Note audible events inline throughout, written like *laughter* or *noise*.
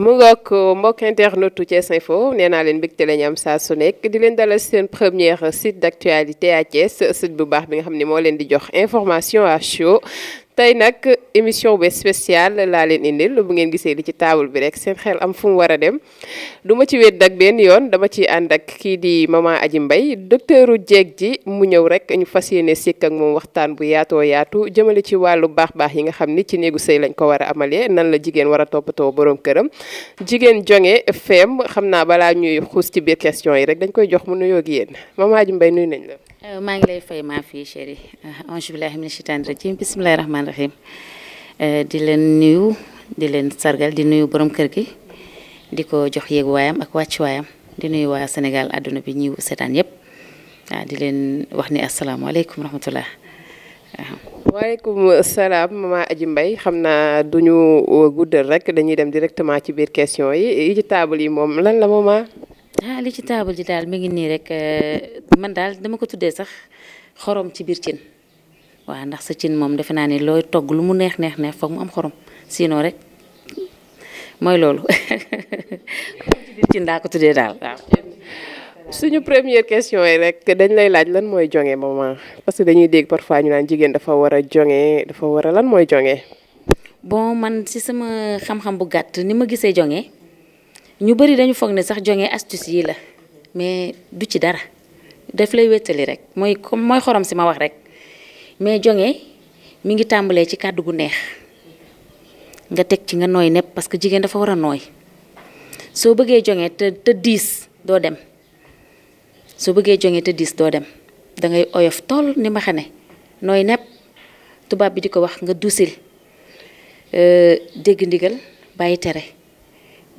mu ngoog euh, mbokk internetu Thiès Info nee naa leen mbégte la ñu am saa su nekk di leen dalal seen première site d' actualité à site bu baax bi nga xam ni moo leen di jox information à chaud tey nag émission bu spéciale laa leen indil bu ngeen gisee li ci taabal bi rek seen xel am fu mu war a dem duma ci wéet nag benn yoon dama ci ànd ak kii di maman Aji Mbaye docteuru jeeg ji mu ñëw rek ñu fas yéene sikk ak moom waxtaan bu yaatoo yaatu jëmale ci wàllu baax baax yi nga xam ni ci néegu sëy lañ ko war a amalee nan la jigéen war a toppatoo borom këram jigéen jonge feem xam naa balaa ñuy xuus ci biir question yi rek dañ koy jox mu nuyoo ak yéen maman Aji Mbaye nuyu nañ la. Euh, maa ngi lay fay maa fii chéri euh, ange billahi mina shaytaani rajim bismillahi rahmaani rahim euh, di leen nuyu di leen sargal di nuyu boroom kër gi di ko jox yéeg waayam ak wàcc waayam di nuyu waa Sénégal àdduna bi ñiw seetaan yépp di leen wax ni asalaamaaleykum rahmatullah waaleykum salaam mama Aji mbay xam naa duñu guddal rek dañuy dem directement ci biir question yi yi ci table yi moom lan la mama ah li ci taabal ji daal mi ngi nii rek euh, man daal dama ko tuddee sax xorom ci biir cin waaw ndax sa cin moom defe naa ni looy togg lu mu neex neex neex foog mu am xorom sinon rek mooy loolu ci biir cin daa ko tuddee daal waaw. suñu première question yi rek dañ lay laaj lan mooy jonge mooma parce que dañuy dégg parfois ñu naan jigéen dafa war a jonge dafa war a lan mooy jonge. bon man si sama xam-xam bu gàtt ni ma gisee jonge ñu bëri dañu foog ne sax jonge astuce yi la mais du ci dara def lay wéttali rek mooy comme mooy xorom si ma wax rek mais jonge mi ngi tàmbalee ci kàddu gu neex nga teg ci nga nooy nepp parce que jigéen dafa war a nooy soo bëggee jonge te te diis doo dem soo bëggee jonge te diis doo dem da ngay oyof tool ni ma xane nooy nepp tubaab bi di ko wax nga dusil euh, dégg ndigal bàyyi tere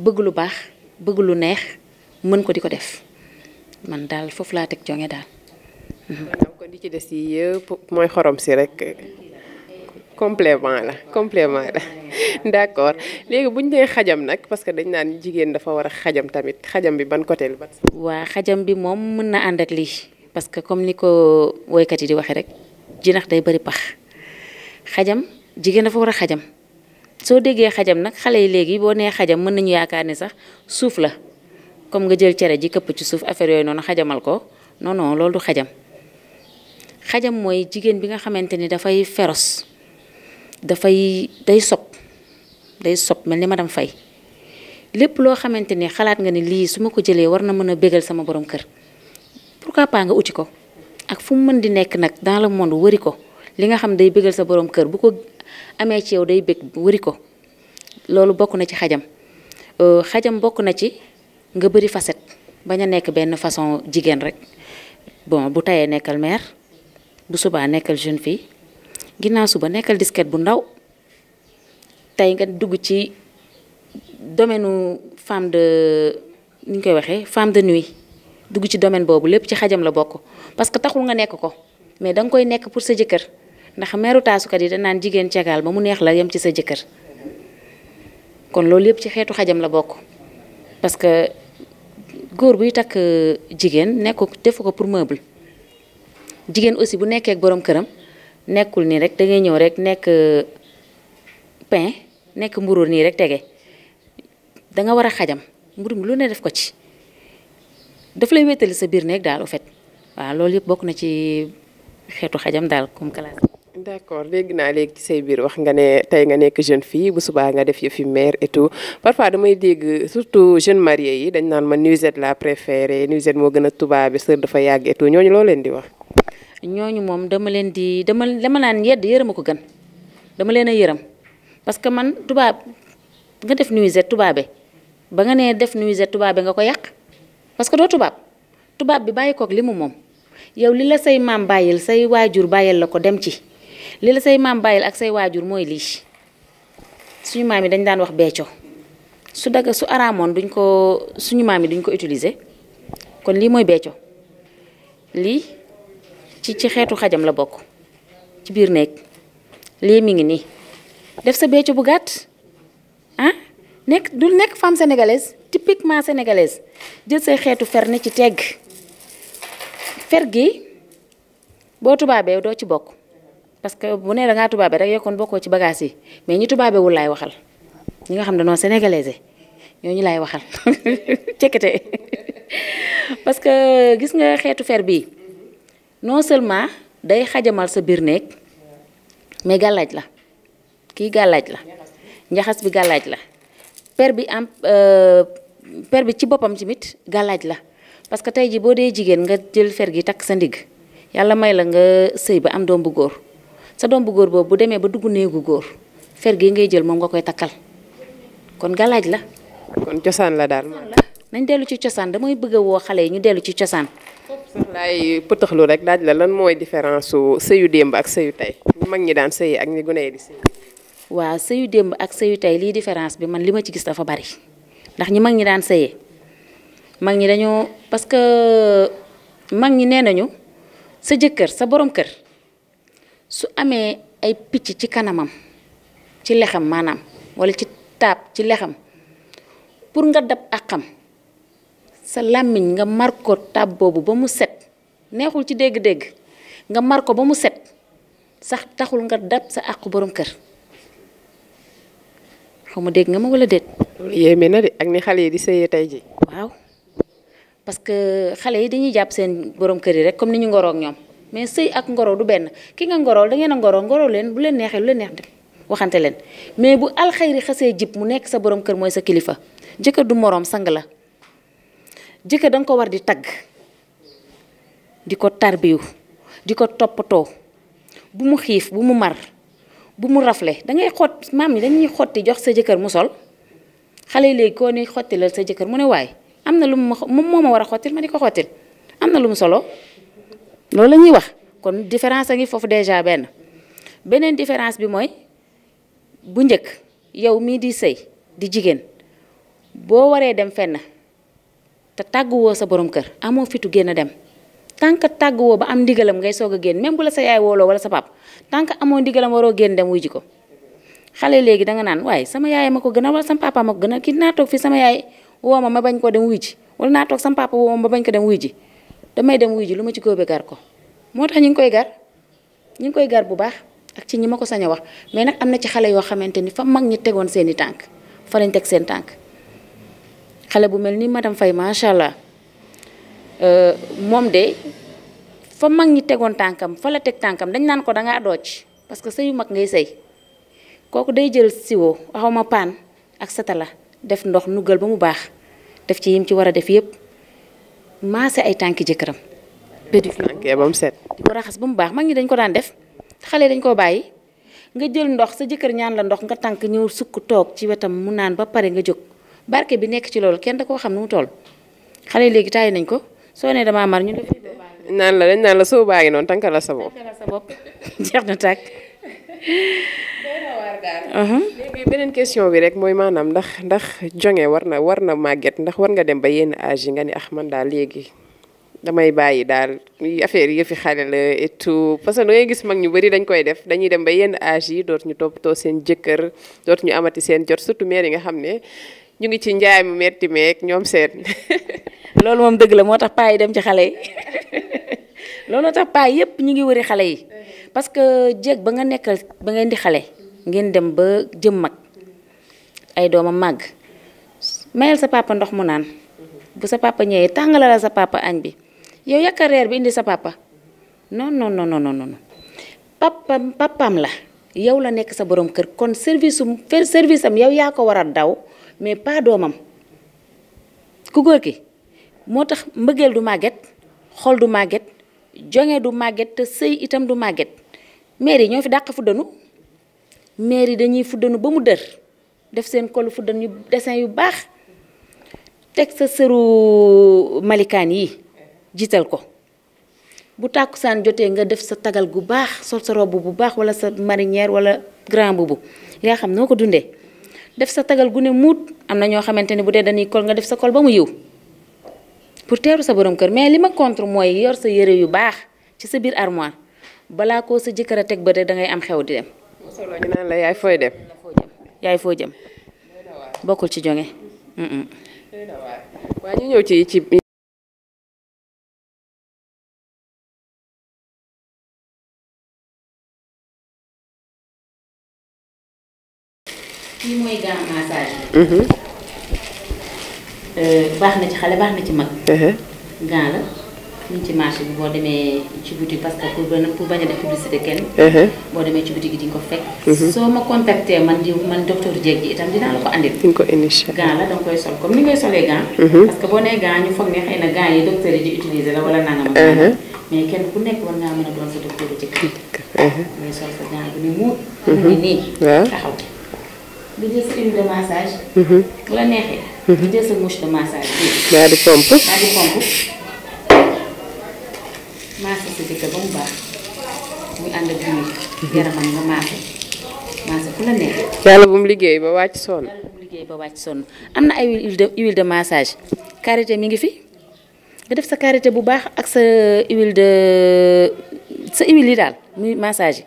bëgg lu baax bëgg lu neex mën ko di ko def man daal foofu laa teg jonge daal. kon di ci des yi yëpp mooy xorom si rek. complément la complément la *laughs* d'accord léegi bu ñu nee xajam nag parce que dañ naan jigéen dafa war a xajam tamit xajam bi ban côté la. waa xajam bi moom mën na àndak ak lii parce que comme ni ko woykat yi di waxee rek jinax day bari pax xajam jigéen dafa war a xajam. soo déggee xajam nag xale yi léegi boo nee xajam mën nañu yaakaar ni sax suuf la comme nga jël cere ji këpp ci suuf affaire yooyu noonu xajamal ko non loolu du xajam xajam mooy jigéen bi nga xamante ni dafay féroce dafay day sob day sob mel ni ma madame Faye lépp loo xamante ni xalaat nga ni lii su ma ko jëlee war na mën a bégal sama borom kër pourquoi pas nga uti ko ak fu mu mën di nekk nag daal le monde wëri ko li nga xam day bégal sa borom kër bu ko amee ci yow day bëgg wëri ko loolu bokk na ci xajam euh, xajam bokk na ci nga bëri faset bañ a nekk benn façon jigéen rek bon bu tayee nekkal mère bu subaa nekkal jeune fille ginnaaw suba nekkal disket bu ndaw tey nga dugg ci domaine nu femme de ni ñu koy waxee femme de nuit dugg ci domaine boobu lépp ci xajam la bokk parce que taxul nga nekk ko mais da koy nekk pour sa jëkkër ndax meeru taasukat yi naan jigéen cagaal ba mu neex la yem ci sa jëkkër kon loolu yëpp ci xeetu xajam la bokk parce que góor buy takk jigéen nekku defu ko pour meuble jigéen aussi bu nekkee ak boroom këram nekkul nii rek da ngay ñëw rek nekk euh, pain nekk mburóor nii rek tege da nga war a xajam mburu mi lu ne def ko ci daf lay wéttali sa biir néeg daal au fait waaw loolu yëpp bokk na ci xeetu xajam daal comme classe d'accord dégg naa léegi ci say biir wax nga ne tey nga nekk jeune fii bu subaa nga def yëfi mère et tout parfois damay dégg surtout jeune marié yi dañ naan ma nuisette la préférée nuisette moo gën a tubaabe sër dafa yàgg et tout ñooñu loo leen di wax. ñooñu moom dama leen di dama dama naan yedd yërëma ko gën dama leen a yërëm parce que man tubaab nga def nuisette tubaabe ba nga nee def nuisette tubaabe nga ko yàq parce que doo tubaab tubaab bi bàyyi koog li mu moom yow li la say maam bàyyil say waajur bàyyil la ko dem ci. li la say maam bàyyil ak say waajur mooy lii suñu maam yi dañ daan wax becco su daga su araamoon duñ ko suñu maam yi duñ ko utiliser kon lii mooy becco lii ci ci xeetu xajam la bokk ci biir néeg lii mi ngi nii def sa becco bu gàtt ah nekk du nekk femme sénégalaise typiquement sénégalaise jël say xeetu fer ne ci tegg fer gi boo tubaabee doo ci bokk parce que bu nee da ngaa tubaabe rek yokkoon bokkoo ci bagage yi mais ñi tubaabe lay laay waxal ñi nga xam ne non ñoo ñu laay waxal *laughs* cekkete *laughs* parce que gis nga xeetu fer bii non seulement day xajamal sa biir néeg mais gàllaaj la kii gàllaaj la njaxas bi gàllaaj la per bi am euh, per bi ci boppam ci mit gàllaaj la parce que tey ji boo dee jigéen nga jël fer gi takk sa ndigg yàlla may la nga sëy ba am doom bu góor sa doom bu góor boobu bu demee ba dugg néegu góor fer gi ngay jël moom nga koy takkal kon galaaj la. kon cosaan la daal. nañ dellu ci cosaan damay bëgg a woo xale yi ñu dellu ci cosaan. sax laay pëtëxlu rek laaj la lan mooy différence su sëyu démb ak sëyu tey ñu mag ñi daan sëyi ak ñi gune yi di sëyi. waaw sëyu démb ak sëyu tey lii différence bi man li ma ci gis dafa bari ndax ñi mag ñi daan sëyee mag ñi dañoo parce que mag ñi nee nañu sa jëkkër sa borom kër. su amee ay picc ci kanamam ci lexam maanaam walla ci taab ci lexam pour nga dab àqam sa làmmiñ nga mar ko taab boobu ba mu set neexul ci dégg-dégg nga mar ko ba mu set sax taxul nga dab sa àqu borom kër xaw ma dégg nga ma wala déet. loolu yéeme na de ak ni xale yi di sëyee tey ji waaw parce que xale yi dañuy jàpp seen borom kër yi rek comme ni ñu ngoroog ñoom. mais sëy ak ngoro du benn ki nga ngoro dangeen ngeen a ngoro ngoro leen bu leen neexee lu leen neex def waxante leen mais bu alxayri xasee jib mu nekk sa borom kër mooy sa kilifa jëkkër du moroom sang la jëkkër da nga ko war di tagg di ko tarbiyu di ko toppatoo bu mu xiif bu mu mar bu mu rafle da ngay xott maam yi dañuy xotti jox sa jëkkër mu sol xale yi léegi koo ni xottilal sa jëkkër mu ne waaye am na lu mu ma moo ma war a xottil ma di ko xottil am na lu mu solo loolu la ñuy wax kon différence a ngi foofu déjà benn beneen différence bi mooy bu njëkk yow mii di sëy di jigéen boo waree dem fenn te woo sa borom kër amoo fitu génn dem tant que tàgguwoo ba am ndigalam ngay soog a génn même bu la sa yaay wooloo wala sa pap tant que amoo ndigalam waroo génn dem wuy ji ko xale léegi danga naan waaye sama yaay ma ko gën a wala sama papa ma a kii naa toog fi sama yaay woo ma ma bañ koo dem wuy ji wala naa toog sama ma bañ ko dem wuy ji damay dem wuy ji lu ma ci góobe gar ko moo tax ñu ngi koy gar ñu ngi koy gar bu baax ak ci ñi ma ko sañ a wax mais nag am na ci xale yoo xamante ni fa mag ñi tegoon seeni tànk fa teg seen tànk xale bu mel ni madame fay macha allah euh, moom de fa mag ñi tegoon tànkam fa la teg tànkam dañ naan ko da ngaa dooc parce que sëyu mag ngay sëy kooku day jël siwo xaw ma paan ak satala def ndox nugal ba mu baax def ci yim ci war a def yépp maase ay tànki jëkkëram. pédicure ba mu set. di raxas ba mu baax mag ñi dañ ko daan def xale dañ koo bàyyi nga jël ndox sa jëkkër ñaan la ndox nga tànk ñëw sukk toog ci wetam mu naan ba pare nga jóg barke bi nekk ci loolu kenn da koo xam nu mu tool xale léegi taay nañ ko soo nee damaa mar ñu def. naan la dañ naan la soo bàyyi noonu tànkal sa bopp. sa bopp *laughs* jeex na tàkk. léegi beneen question bi rek mooy maanaam ndax ndax jonge war na war na màgget ndax war nga dem ba yenn âge yi nga ni ax ah, man daal léegi damay bàyyi daal affaire yëfi xale la et tout parce que da ngay gis mag ñu bëri dañ koy def dañuy dem ba yenn âge yi dootu ñu toppatoo seen jëkkër dootu ñu amati seen jot surtout mère yi nga xam ne ñu ngi ci njaay mu metti meeg ñoom seen *laughs* loolu moom dëgg la moo tax paa dem ci xale yi *laughs* looloo tax paa yëpp ñu ngi wëri xale yi mm-hmm. parce que jeeg ba nga nekkal ba ngeen di xale ngeen dem ba jëm mag ay doomam màgg mayal sa papa ndox mu naan mm-hmm. bu sa papa ñëwee tàngalala sa papa añ bi yow yàkka reer bi indi sa papa non non non non non la yow la nekk sa boroom kër kon service su service am yow yaa ko war a daw mais pas doomam ku góor ki moo tax mbëggeel du màgget xol du màgget jonge du màgget te sëy itam du màgget maire yi ñoo fi dàq fuddanu maire yi dañuy fuddanu ba mu dër def seen kolu fuddanu desin yu baax teg sa sëru malikaan yi jiital ko bu tàkkusaan jotee nga def sa tagal gu baax sol sa robe bu baax wala sa marinière wala grand boubou yaa xam noo ko dundee def sa tagal gu ne muut am na ñoo xamante ni bu dee dañuy kol nga def sa kol ba mu yiw pour teeru sa borom kër mais li ma contre mooy yor sa yére yu baax ci sa biir armoire balaa ko sa jëkkër a teg ba da ngay am xew di dem. yaay foo jëm. bokkul ci jonge waa Euh, baax na ci xale baax na ci mag. Uh-huh. gaa la ñu ci marché bi boo demee ci boutique parce que pour pour bañ a def publicité kenn. Uh-huh. boo demee ci buti ki di ko fekk. Uh-huh. soo ma contacté man di man docteur Dieg ji itam dinaa la ko andil. di ko initié gaa la da koy sol comme ni ngay solee gaa. parce ne gaa yi docteur yi di utiliser la wala nangam. mais kenn ku nekk war ngaa mën a doon sa docteur Dieg. ngay sol sa gaa bi mu ngi nii taxaw. di jël sa huile massage. bu la neexee. Mm-hmm. Mm-hmm. nga jël daal bu mu liggéey ba wàcc sonn. liggéey ba wàcc sonn am na ay huile de huile massage karité mi ngi fi nga def sa karité bu baax ak sa huile de sa huile yi daal muy massage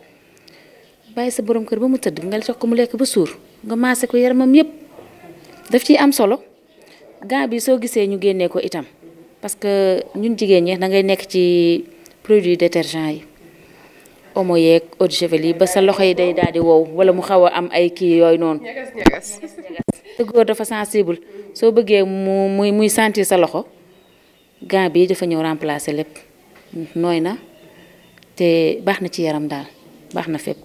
bàyyi sa borom kër ba mu tëdd nga jox ko mu lekk ba suur nga maase ko yaramam yépp daf ci am solo gant bi soo gisee ñu génnee ko itam parce que ñun jigéen ñi da ngay nekk ci produit détergent yi omo yeeg eau de yi ba sa loxo yi day daal di wow wala mu xaw a am ay kii yooyu noonu. te góor dafa sensible soo bëggee mu muy muy sentir sa loxo gant bi dafa ñëw remplacer lépp nooy na te baax na ci yaram daal baax na fépp.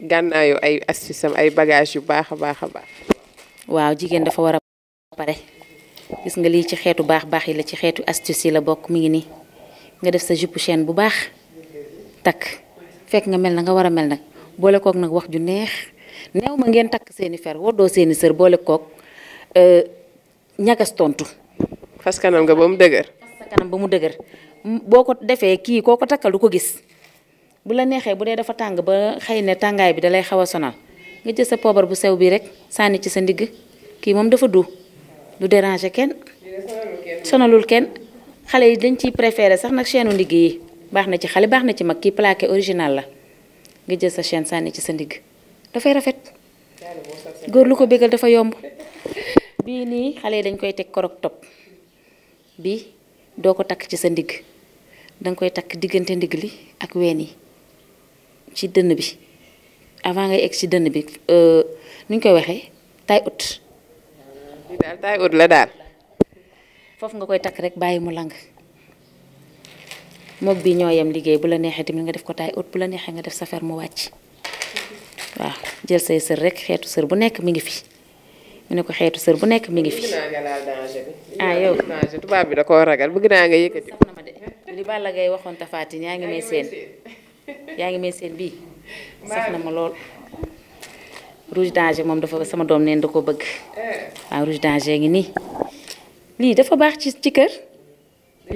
gànnaayu ay astuce am ay bagage yu baax a baax a baax waaw jigéen dafa war a pare gis nga lii ci xeetu baax baax yi la ci xeetu astuce yi la bokk mu ngi nii nga def sa jupe chaîne bu baax takk fekk nga mel na nga war a mel nag boole kook nag wax ju neex neew ma ngeen takk seeni fer woddoo seeni sër boole kook euh, ñagas tontu fas kanam nga ba mu dëgër fas ba mu dëgër boo ko defee kii koo ko takkal ko gis bu la neexee bu dee dafa tàng ba xëy ne tàngaay bi dalay xaw a sonal nga jël sa poobar bu sew bii rek sànni ci sa ndigg kii moom dafa du du déranger kenn sonalul kenn xale yi dañ ciy préféré sax nag chaîne ndigg yi baax na ci xale baax na ci mag kii plaqué original la nga jël sa chaîne sànni ci sa ndigg dafay rafet góor lu ko bégal dafa yomb bii nii xale yi dañ koy teg korok topp bi doo ko takk ci sa ndigg danga koy takk diggante ndigg li ak ween yi ci dënn bi avant ngay egg ci dënn bi euh, nu ñu koy waxee taille ot bi daal taille la daal. foofu nga koy takk rek bàyyi mu lang moog bi ñoo yem liggéey bu la neexee tamit nga def ko taay haute bu la neexee nga def safer mu wàcc waaw jël say sër rek xeetu sër bu nekk mi ngi fi. mu ne ko xeetu sër bu nekk mi ngi fi. ah yow tubaab bi da koo ragal bëgg naa nga yëkkati. li Balla Gaye waxoon Tafaati ñaa ngi may seen. yaa ngi may seen bii *laughs* saf na ma lool rouge danger moom dafa sama doom neen da ko bëgg eh. waaw rouge danger ngi nii lii dafa baax ci ci kër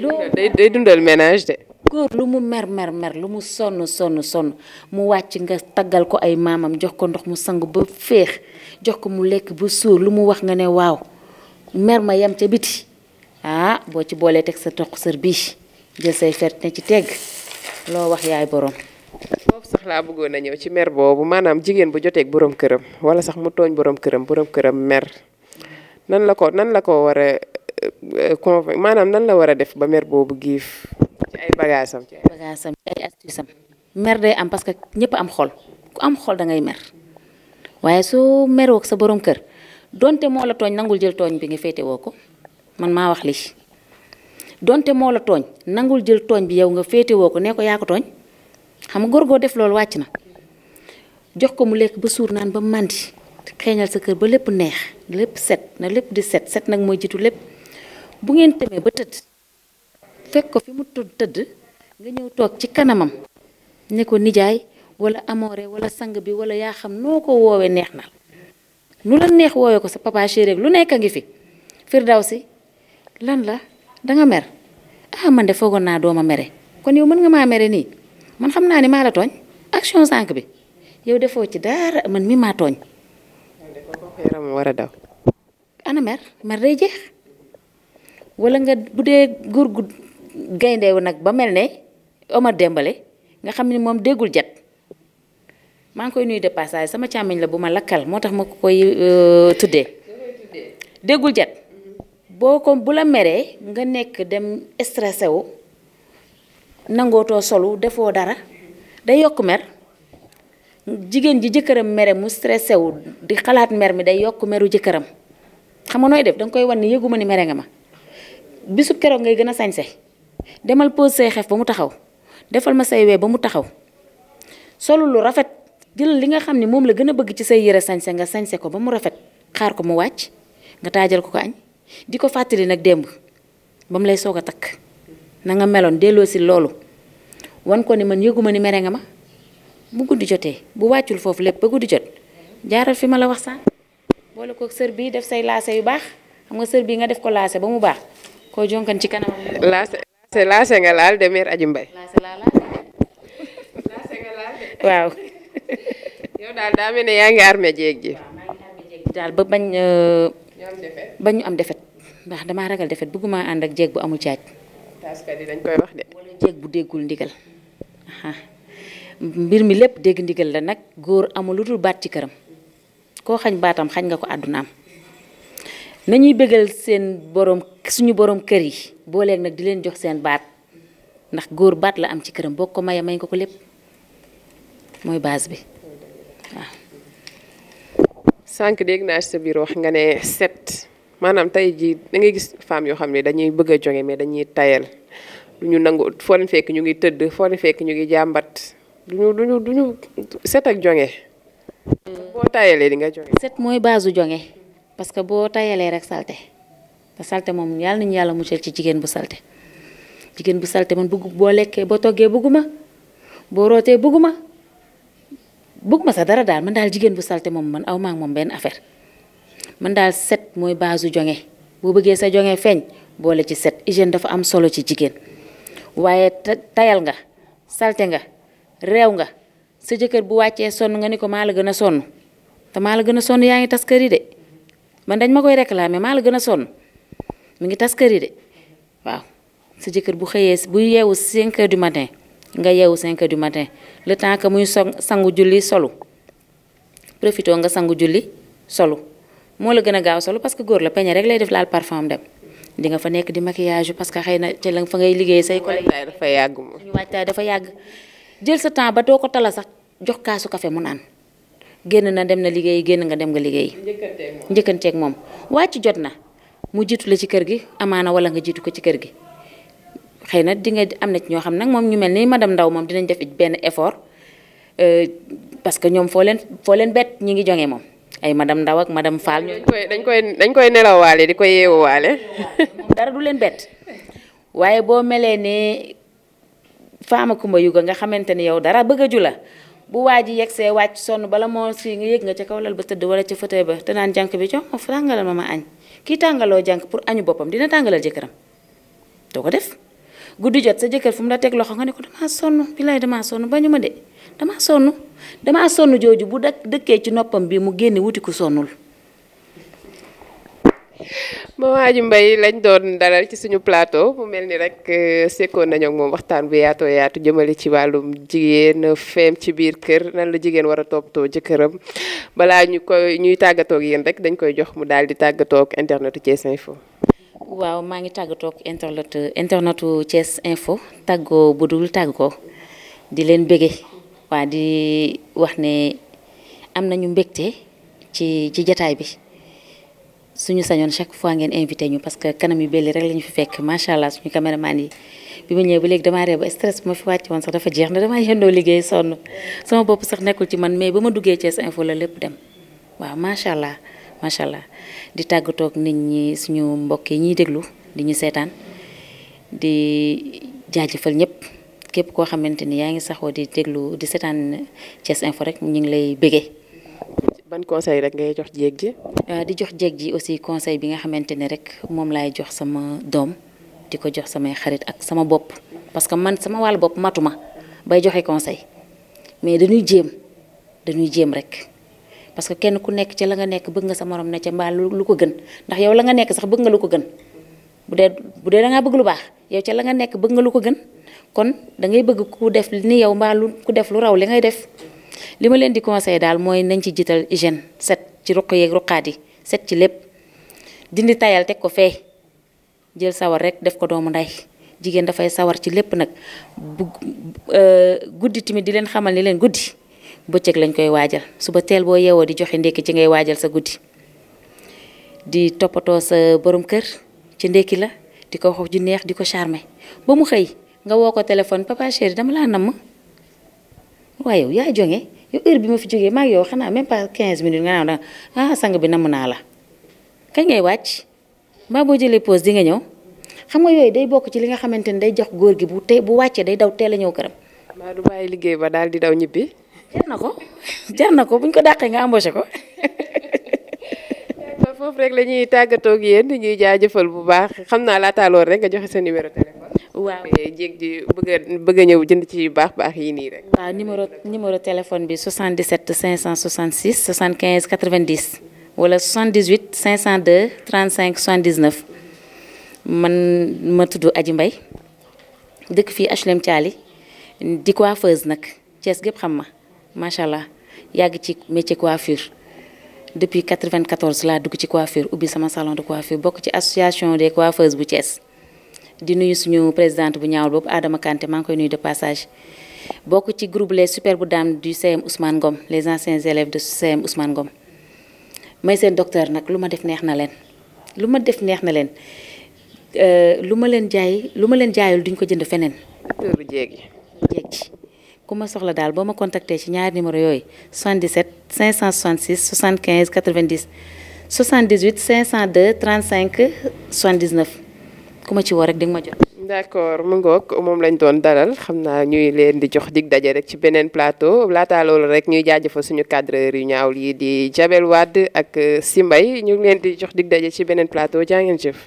loolu day dundal ménage de góor lu mu mer mer mer lu mu sonn sonn sonn mu wàcc nga taggal ko ay maamam jox ko ndox mu sang ba féex jox ko mu lekk ba suur lu mu wax nga ne waaw mer ma yam ca biti ah boo ci boolee teg sa toq sër bii jël say fert ne ci tegg loo wax yaay borom. foofu sax laa bëggoon a ñëw ci mer boobu maanaam jigéen bu joteek boroom këram wala sax mu tooñ boroom këram borom këram mer nan la ko nan la ko waree a eh, eh, maanaam nan la war a def ba mer boobu giif ci ay bagaasam ci ay bagaasam ci ay astuce am mer day am parce que ñëpp am xol ku am xool da ngay mer waaye soo meroo ak sa borom kër donte moo la tooñ nangul jël tooñ bi nga féete woo ko man maa wax lii. donte moo la tooñ nangul jël tooñ bi yow nga féetewoo ko nee ko yaa ko tooñ xam nga góor goo def loolu wàcc na jox ko mu lekk ba suur naan ba màndi xeeñal sa kër ba lépp neex lépp set na lépp di set set nag mooy jitu lépp bu ngeen temee ba tëdd fekk ko fi mu tudd tëdd nga ñëw toog ci kanamam ne ko nijaay wala amoore wala sang bi wala yaa xam noo ko woowee neex na lu la neex woowee ko sa papa chéri lu nekk a ngi fi si lan la danga mer ah man de foogoon naa dooma mere kon yow mën nga maa mere nii man xam naa ni maa la tooñ action sànq bi yow defoo ci dara man mi maa tooñ. war a daw. ana mer mer day jeex wala nga bu dee góor gu gayndewu nag ba mel ne Omar Dembale nga xam ni moom déggul jat maa ngi koy nuyu de passage sama càmmiñ la bu ma lakkal moo tax ma koy euh, tuddee déggul jat boo ko bu la meree nga nekk dem stressé wu nangootoo solu defoo dara day yokk mer jigéen ji jëkkëram mere mu stressé wu di xalaat mer mi day yokk meru jëkkëram xam nga nooy def danga koy wan ni yëguma ni mere nga ma bisub keroog ngay gën a sañse demal pose say xef ba mu taxaw defal ma say wee ba mu taxaw solu lu rafet jëlal li nga xam ne moom la gën a bëgg ci say yëre sañse nga sañse ko ba mu rafet xaar ko mu wàcc nga taajal ko ko añ di ko fàttali nag démb ba mu lay soog a takk na nga meloon delloo si loolu wan ko ni man yëguma ni mere nga ma bu guddi jotee bu wàccul foofu lépp ba guddi jot jaaral fi ma la wax sànq boole ko sër bii def say laase yu baax xam nga sër bii nga def ko laase ba mu baax koo jonkan ci kanam laase laase nga laal de mère mbay Mbaye laase laa laase nga laal waaw *laughs* yow daal daa mel ne yaa ngi armé jéeg ji daal ba bañ euh, ba ñu am defet ndax damaa ragal defet bëgguma ànd ak jeeg bu amul caaj. taaskat dañ koy wax de. wala jeeg bu déggul ndigal. mbir mi lépp dégg ndigal la nag góor amul lu dul baat ci këram koo xañ baatam xañ nga ko am na ñuy bégal seen borom suñu borom kër yi boo booleeg nag di leen jox seen baat ndax góor baat la am ci këram boo ko maye may nga ko lépp mooy baas bi waaw. sànq dégg naa sa biir wax nga ne set. maanaam tey jii da ngay gis femmes yoo xam ne dañuy bëgg a joge mais dañuy tayal du ñu nangu foo leen fekk ñu ngi tëdd foo leen fekk ñu ngi jàmbat duñu duñu duñu set ak jonge boo tayalee di nga jonge set mooy base jonge parce que boo tayalee rek salte te salte moom yàlla nañu yàlla muccal ci jigéen bu salte jigéen bu salte man bëgg boo lekkee boo toggee bëgguma boo rootee bëgguma bëgguma sa dara daal man daal jigéen bu salte moom man aw maa moom benn affaire man daal set mooy baasu jonge boo bëggee sa jonge feeñ boole ci set hygiène dafa am solo ci jigéen waaye tayal nga salte nga réew nga sa jëkkër bu wàccee sonn nga ni ko maa la gën a sonn te maa la gën a sonn yaa ngi tas kër de man dañ ma koy réclamer maa la gën a sonn mu ngi tas kër yi de waaw sa jëkkër bu xëyee buy yeewu 5 heures du matin nga yeewu 5 heures du matin le temps que muy sangu julli solu profitoo nga sangu julli solu moo la gën a gaaw solo parce que góor la peñe rek lay def laal parfum dem di nga fa nekk di maquillage parce que xëy na ci la fa ngay liggéey say collègues dafa yàgg moom ñu waajtaay dafa yàgg jël sa temps ba doo ko tala sax jox kaasu café mu naan génn na dem na liggéey génn nga dem nga liggéey njëkkanteeg moom wàcc jot na mu jiitu la ci kër gi amaana wala nga jiitu ko ci kër gi xëy na di nga am na ci ñoo xam nag moom ñu mel ni ma dem Ndaw moom dinañ def benn effort euh, parce que ñoom foo leen foo leen bett ñi ngi joŋee moom ay madame Ndaw ak madame Fall. dañ koy dañ koy dañ koy nelawaale di ko yeewuwaale. dara du leen bett waaye boo melee ne faama kumba yuga nga xamante ni yow dara bëgg a la bu waa ji yegsee wàcc sonn bala moo si nga yëg nga ca kaw lal ba tëdd wala ca fauteuil ba te naan jànk bi jox ma tàngalal ma ma añ kii tàngaloo jànk pour añu boppam dina tàngalal jëkkëram doo ko def guddi jot sa jëkkër fu mu la teg loxo nga ne ko damaa sonn bilaay damaa sonn bañu damaa sonn damaa sonn jooju bu dëkkee ci noppam bi mu génne wuti ku sonnul. Mama ji mbay lañ doon dalal ci suñu plateau mu mel ni rek euh, sekkoon nañu ak moom waxtaan bu yaato yaatu jëmale ci wàllum jigéen feem ci biir kër nan la jigéen war a toppatoo jëkkëram balaa ñu koy ñuy tàggatoo ak yéen rek dañ koy jox mu daal di tàggatoo ak internetu Thiès Info. waaw maa ngi tàggatoo ak internet internetu Thiès Info tàggoo bu dul tàggoo di leen bëggee. waa di wax ne am nañu mbégte ci ci jataay bi suñu sañoon chaque fois ngeen invité ñu parce que kanam yu belli rek la fi fekk macha allah suñu caméraman yi bi ma ñëwee ba léegi damaa ree ba stress bu ma fi wàcc woon sax dafa jeex na damaa yendoo liggéey sonn sama bopp sax nekkul ci man mais ba ma duggee Thiès Info la lépp dem waaw macha allah macha allah di tàggatoog nit ñi suñu mbokk yi ñuy déglu di ñu seetaan di jaajëfal ñëpp. képp koo xamante yaa ngi saxoo di déglu di seetaan Thiès Info rek ñu ngi lay bëggee. ban conseil rek ngay jox jéeg ji. Ah, di jox jéeg ji aussi conseil bi nga xamante ne rek moom laay jox sama doom di ko jox samay xarit ak sama bopp parce que man sama wàllu bopp matuma bay joxe conseil mais dañuy jéem dañuy jéem rek. parce que kenn ku nekk ca la nga nekk bëgg nga sa morom ne ca mbaa lu ko gën ndax yow la nga nekk sax bëgg nga lu ko gën bu dee bu bëgg kon da ngay bëgg ku def ni yow mbaa ku def lu raw li ngay def li ma leen di conseil daal mooy nañ ci jiital hygiène set ci ruq yeeg ruqaat yi set ci lépp dindi tayal teg ko fee jël sawar rek def ko doomu ndey jigéen dafay sawar ci lépp nag bu euh, guddi tamit di leen xamal ni leen guddi bëccëg lañ koy waajal suba teel boo yeewoo di joxe ndékki ci ngay waajal sa guddi di toppatoo sa borom kër ci ndékki la di ko wax ju neex di ko charmer ba mu xëy nga woo ko téléphone papa chéri dama laa namm waaye yaa jóge yow heure bi ma fi jógee mag yow xanaa même pas quinze minutes nga naan ah sang bi namm naa la kañ ngay wàcc mbaa jëlee pause di nga ñëw xam nga yooyu day bokk ci li nga xamante ni day jox góor gi bu tey bu wàccee day daw teel a ñëw këram. maa du bàyyi liggéey ba daal di daw ñibbi. jar na ko *laughs* jar na ko buñ ko dàqee nga embauché ko. *laughs* foofu rek la ñuy tàggatoo ak yéen ñuy jaajëfal bu baax xam naa laataaloo rek nga joxe sa numéro waaw eh, jéeg ji bëgg a ñëw jënd ci yu baax baax yi nii rek. waaw numéro numéro téléphone bi 77 566 75 90 wala 78 502 35 79 man ma tudd Adji Mbaye dëkk fii HLM Thiali di coiffeuse nag Thiès gépp xam ma macha allah yàgg ci métier coiffure. depuis 94 laa dugg ci coiffure ubbi sama salon de coiffure bokk ci association des coiffeuses bu cees di nuyu suñu présidente bu ñaawul boobu Adama Kanté man ngi koy nuyu de passage bokk ci groupe les bu dames du CM Ousmane Ngom les anciens élèves de CM Ousmane Ngom may seen docteur nag lu ma def neex na leen lu ma def neex na leen euh, lu ma leen jaay lu ma leen jaayul duñ ko jënd feneen. docteur Jéegi Jéegi ku daal boo ma contacté ci ñaari numéro yooyu 77 566 75 90 78 502 35 ku ma ci woo rek di nga ma jot. d'accord mu ngook moom lañ doon daral xam naa ñuy leen di jox dig daje rek ci beneen plateau laataa loolu rek ñuy jaajëfal suñu cadreur yu ñaaw lii di Jabel Wade ak euh, si mbay ñu ngi leen di jox dig daje ci beneen plateau jaa ngeen jëf.